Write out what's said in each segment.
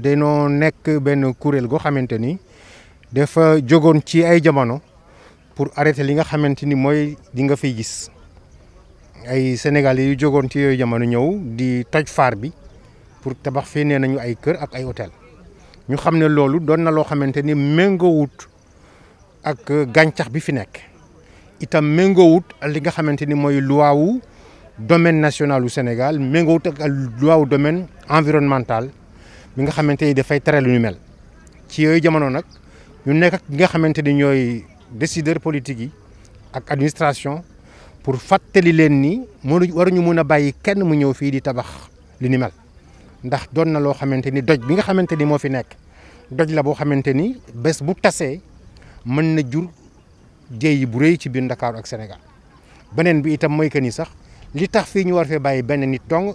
pour arrêter de faire des choses. dafa ont ci ay jamono pour arrêter li nga xamanteni moy di nga gis ay sénégalais yu ci jamono di pour tabax fi nee ay kër ak ay hôtel ñu choses lolu don na lo ak bi domaine national ou Sénégal domaine environnemental mi nga xamante ni dafay tere lu ñu mel ci yooyu jamono nag ñu nekk ak nga xamante ni ñooy décideurs politiques yi ak administration pour fàttali leen ni mënu waruñu mun a bàyyi kenn mu ñëw fii di tabax li ni mel ndax doon na loo xamante ni doj bi nga xamante ni moo fi nekk doj la boo xamante ni bés bu tasee mën na jur jéey bu rëy ci biir Dakar ak Sénégal beneen bi itam mooy que ni sax li tax fii ñu war fee bàyyi benn nit dong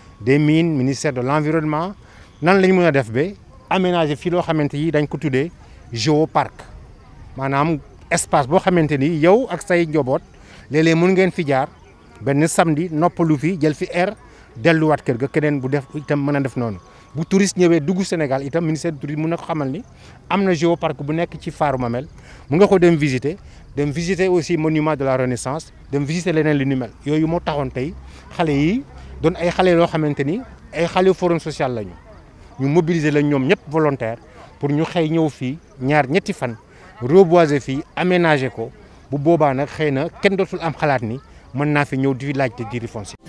des mines ministère de l'environnement nan la ñu def ba aménager fii loo xamante dañ ko tuddee géoparc Manam espace boo xamante ni yow ak say njaboot léeg-léeg mën ngeen fi jaar benn samedi noppalu fi jël fi air delluwaat kër ga keneen bu def itam mën a def noonu bu touriste dugg Sénégal itam ministère du tourisme mun na ko xamal ni am na géoparc bu nekk ci Faaru Mamel mu nga ko visiter de visiter aussi monument de la Renaissance de visiter les li nu mel yooyu moo taxoon tey yi doon ay xale yoo xamante ni ay xale forum social lañu ñu mobiliser la ñoom ñëpp volontaire pour ñu xëy ñëw fii ñaar ñetti fan reboiser fii aménager ko bu boobaa nag xëy na kenn dootul am xalaat ni mën naa fi ñëw di laajte jiitu foncier